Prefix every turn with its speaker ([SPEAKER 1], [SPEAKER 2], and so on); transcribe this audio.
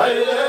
[SPEAKER 1] hay